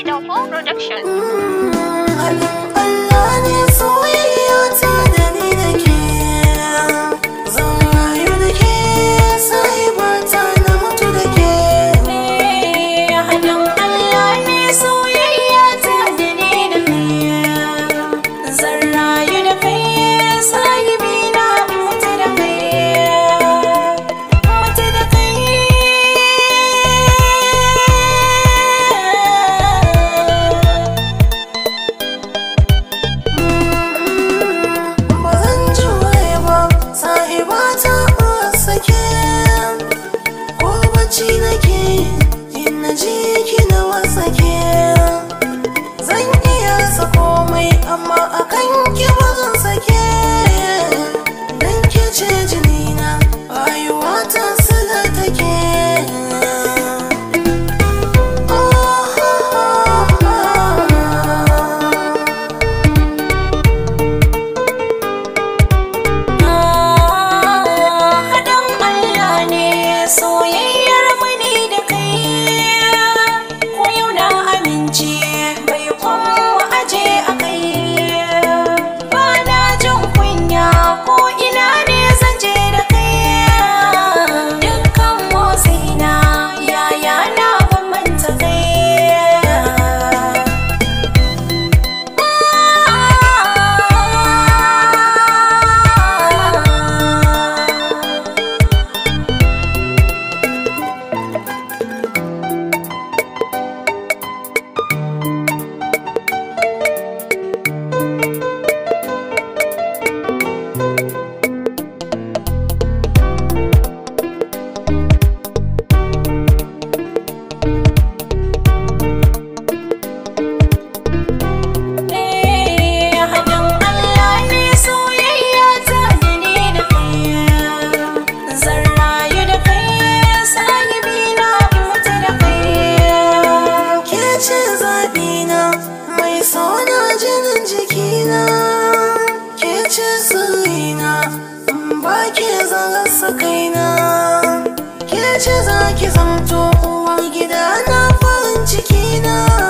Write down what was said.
Kidomo Production. Mm -hmm. changing ce za ki zamto uwar gida na farin ciki